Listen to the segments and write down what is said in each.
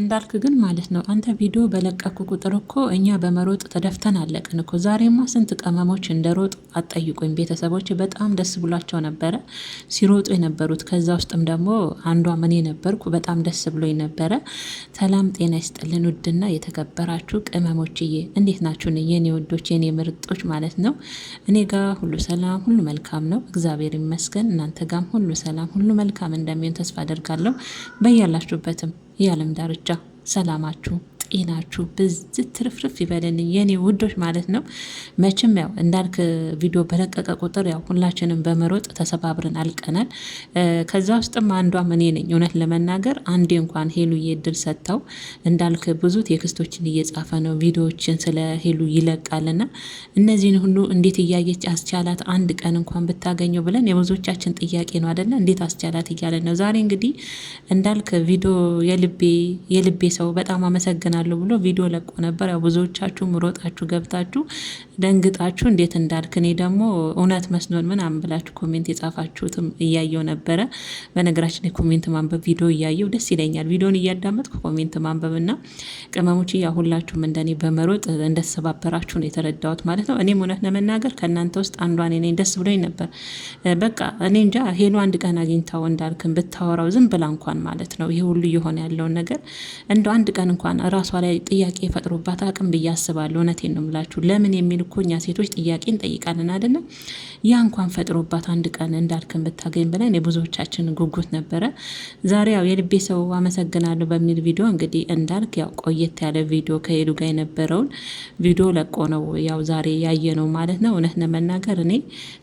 እንዳልክ ግን ማለት ነው አንተ ቪዲዮ በለቀኩ ቁጥር እኮ እኛ በመሮጥ ተደፍተን አለቅን እኮ። ዛሬማ ስንት ቅመሞች እንደ ሮጥ አጠይቁኝ ቤተሰቦች በጣም ደስ ብሏቸው ነበረ ሲሮጡ የነበሩት። ከዛ ውስጥም ደግሞ አንዷ እኔ ነበርኩ። በጣም ደስ ብሎኝ ነበረ። ሰላም ጤና ይስጥልን ውድና የተከበራችሁ ቅመሞችዬ፣ እንዴት ናችሁን? የኔ ውዶች፣ የኔ ምርጦች ማለት ነው። እኔ ጋ ሁሉ ሰላም፣ ሁሉ መልካም ነው፣ እግዚአብሔር ይመስገን። እናንተ ጋም ሁሉ ሰላም፣ ሁሉ መልካም እንደሚሆን ተስፋ አደርጋለሁ በያላችሁበትም የዓለም ዳርቻ ሰላማችሁ ጤናችሁ ብዝት ትርፍርፍ ይበልልኝ የኔ ውዶች ማለት ነው። መቼም ያው እንዳልክ ቪዲዮ በለቀቀ ቁጥር ያው ሁላችንም በመሮጥ ተሰባብረን አልቀናል። ከዛ ውስጥም አንዷ እኔ ነኝ። እውነት ለመናገር አንዴ እንኳን ሄሉ እድል ሰጥተው እንዳልክ ብዙ ቴክስቶችን እየጻፈ ነው ቪዲዮዎችን ስለ ሄሉ ይለቃልና እነዚህን ሁሉ እንዴት እያየች አስቻላት አንድ ቀን እንኳን ብታገኘው ብለን የብዙዎቻችን ጥያቄ ነው አደለ? እንዴት አስቻላት እያለን ነው። ዛሬ እንግዲህ እንዳልክ ቪዲዮ የልቤ የልቤ ሰው በጣም አመሰግናል አመሰግናለሁ ብሎ ቪዲዮ ለቆ ነበር። ያው ብዙዎቻችሁ ምሮጣችሁ ገብታችሁ ደንግጣችሁ እንዴት እንዳልክ እኔ ደግሞ እውነት መስሎን ምናምን ብላችሁ ኮሜንት የጻፋችሁትም እያየው ነበረ። በነገራችን ላይ ኮሜንት ማንበብ ቪዲዮ እያየው ደስ ይለኛል። ቪዲዮን እያዳመጥኩ ኮሜንት ማንበብ እና ቅመሞች ያሁላችሁም እንደኔ በመሮጥ እንደተሰባበራችሁ ነው የተረዳሁት ማለት ነው። እኔም እውነት ለመናገር ከእናንተ ውስጥ አንዷ እኔ ደስ ብሎኝ ነበር። በቃ እኔ እንጃ ሄሎ አንድ ቀን አግኝታው እንዳልክን ብታወራው ዝም ብላ እንኳን ማለት ነው ይሄ ሁሉ እየሆነ ያለውን ነገር እንደ አንድ ቀን እንኳን ራሷ ላይ ጥያቄ ፈጥሮባት አቅም ብዬ አስባለሁ። እውነቴን ነው የምላችሁ ለምን የሚል እኮ እኛ ሴቶች ጥያቄ እንጠይቃለን አይደለ? ያ እንኳን ፈጥሮባት አንድ ቀን እንዳልክን ብታገኝ ብለን የብዙዎቻችን ጉጉት ነበረ። ዛሬ ያው የልቤ ሰው አመሰግናለሁ በሚል ቪዲዮ እንግዲህ እንዳልክ ያው ቆየት ያለ ቪዲዮ ከሄዱ ጋር የነበረውን ቪዲዮ ለቆ ነው ያው ዛሬ ያየ ነው ማለት ነው። እውነት ለመናገር እኔ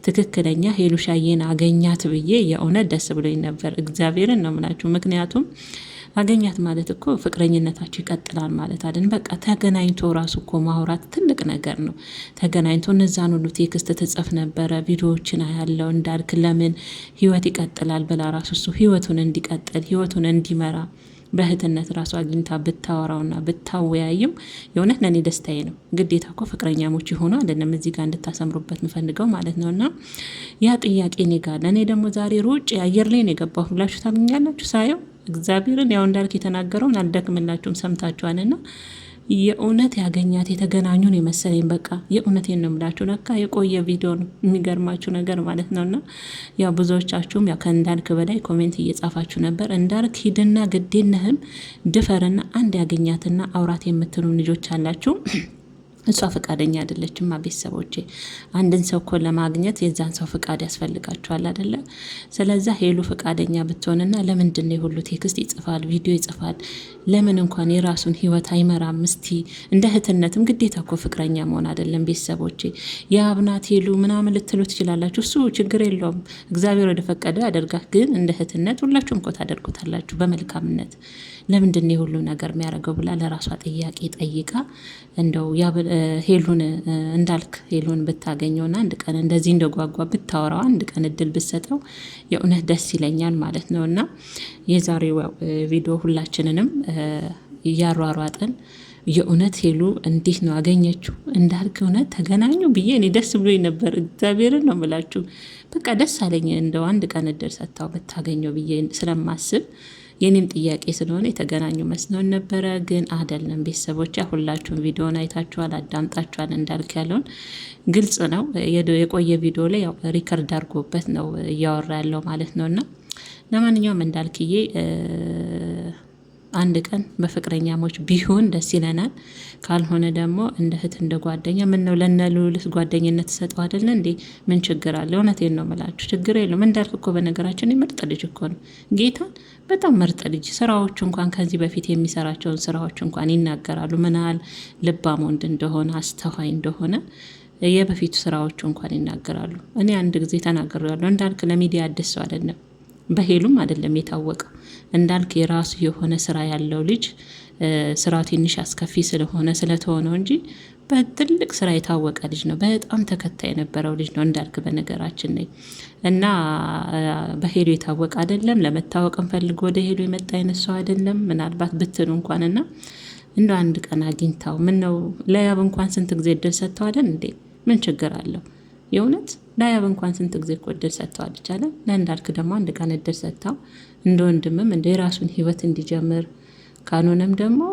ትክክለኛ ሄሉሻዬን አገኛት ብዬ የእውነት ደስ ብሎኝ ነበር። እግዚአብሔርን ነው የምላችሁ ምክንያቱም አገኛት ማለት እኮ ፍቅረኝነታቸው ይቀጥላል ማለት አይደል? በቃ ተገናኝቶ ራሱ እኮ ማውራት ትልቅ ነገር ነው። ተገናኝቶ እነዛን ሁሉ ቴክስት ትጽፍ ነበረ፣ ቪዲዮዎችን ያለው እንዳልክ ለምን ህይወት ይቀጥላል ብላ ራሱ እሱ ህይወቱን እንዲቀጥል ህይወቱን እንዲመራ በእህትነት ራሱ አግኝታ ብታወራውና ብታወያይም የእውነት ለእኔ ደስታዬ ነው። ግዴታ እኮ ፍቅረኛሞች የሆኑ አይደለም እዚህ ጋር እንድታሰምሩበት ምፈልገው ማለት ነው። እና ያ ጥያቄ እኔ ጋር ለእኔ ደግሞ ዛሬ ሩጭ አየር ላይ ነው የገባሁ። ሁላችሁ ታገኛላችሁ ሳየው እግዚአብሔርን ያው እንዳልክ የተናገረውን አልደክምላችሁም ሰምታችኋልና የእውነት ያገኛት የተገናኙን የመሰለኝ በቃ የእውነት ነው የምላችሁ። ለካ የቆየ ቪዲዮ ነው የሚገርማችሁ ነገር ማለት ነው። እና ያው ብዙዎቻችሁም ያው ከእንዳልክ በላይ ኮሜንት እየጻፋችሁ ነበር። እንዳልክ ሂድና ግዴነህም ድፈርና አንድ ያገኛትና አውራት የምትሉ ልጆች አላችሁ። እሷ ፈቃደኛ አይደለችማ። ቤተሰቦቼ አንድን ሰው እኮ ለማግኘት የዛን ሰው ፍቃድ ያስፈልጋቸዋል አይደለም። ስለዛ ሄሉ ፈቃደኛ ብትሆንና ለምንድን ነው የሁሉ ቴክስት ይጽፋል፣ ቪዲዮ ይጽፋል? ለምን እንኳን የራሱን ህይወት አይመራም? እስቲ እንደ እህትነትም ግዴታ እኮ ፍቅረኛ መሆን አይደለም ቤተሰቦቼ። የአብናት ሄሉ ምናምን ልትሉ ትችላላችሁ። እሱ ችግር የለውም እግዚአብሔር ወደ ፈቀደ ያደርጋ። ግን እንደ እህትነት ሁላችሁም እኮ ታደርጉታላችሁ በመልካምነት። ለምንድን ነው የሁሉ ነገር የሚያደርገው ብላ ለራሷ ጥያቄ ጠይቃ እንደው ሄሉን እንዳልክ ሄሉን ብታገኘውና አንድ ቀን እንደዚህ እንደጓጓ ብታወራው አንድ ቀን እድል ብሰጠው የእውነት ደስ ይለኛል ማለት ነው እና የዛሬው ቪዲዮ ሁላችንንም እያሯሯጥን የእውነት ሄሉ እንዴት ነው አገኘችው? እንዳልክ እውነት ተገናኙ ብዬ እኔ ደስ ብሎኝ ነበር። እግዚአብሔርን ነው ምላችሁ። በቃ ደስ አለኝ እንደው አንድ ቀን እድል ሰጥታው ብታገኘው ብዬ ስለማስብ የኔም ጥያቄ ስለሆነ የተገናኙ መስሎን ነበረ፣ ግን አይደለም። ቤተሰቦች ሁላችሁም ቪዲዮን አይታችኋል፣ አዳምጣችኋል። እንዳልክ ያለውን ግልጽ ነው። የቆየ ቪዲዮ ላይ ያው ሪከርድ አድርጎበት ነው እያወራ ያለው ማለት ነው እና ለማንኛውም እንዳልክዬ አንድ ቀን በፍቅረኛሞች ቢሆን ደስ ይለናል። ካልሆነ ደግሞ እንደ እህት እንደ ጓደኛ ምን ነው ለነ ጓደኝነት ሰጠው አደለ እንዴ? ምን ችግር አለ? እውነቴን ነው የምላችሁ፣ ችግር የለውም። እንዳልክ እኮ በነገራችን ምርጥ ልጅ እኮ ነው ጌታን፣ በጣም ምርጥ ልጅ። ስራዎቹ እንኳን ከዚህ በፊት የሚሰራቸውን ስራዎች እንኳን ይናገራሉ፣ ምናል ያህል ልባም ወንድ እንደሆነ አስተዋይ እንደሆነ የበፊቱ ስራዎቹ እንኳን ይናገራሉ። እኔ አንድ ጊዜ ተናግሬያለሁ። እንዳልክ ለሚዲያ አዲስ ሰው አይደለም። በሄሉም አይደለም የታወቀው እንዳልክ የራሱ የሆነ ስራ ያለው ልጅ ስራው ትንሽ አስከፊ ስለሆነ ስለተሆነው እንጂ በትልቅ ስራ የታወቀ ልጅ ነው። በጣም ተከታይ የነበረው ልጅ ነው እንዳልክ በነገራችን ላይ እና በሄሉ የታወቀ አይደለም። ለመታወቅም ፈልጎ ወደ ሄሉ የመጣ አይነት ሰው አይደለም። ምናልባት ብትሉ እንኳን እና እንደ አንድ ቀን አግኝታው ምን ነው ለያብ እንኳን ስንት ጊዜ እድል ሰጥተዋለን እንዴ? ምን ችግር አለው? የእውነት ዳያብ እንኳን ስንት ጊዜ እኮ እድል ሰጥተዋል ይቻለ ለእንዳልክ ደግሞ አንድ ቀን እድል ሰጥተው እንደ ወንድምም እንደ የራሱን ህይወት እንዲጀምር ካልሆነም ደግሞ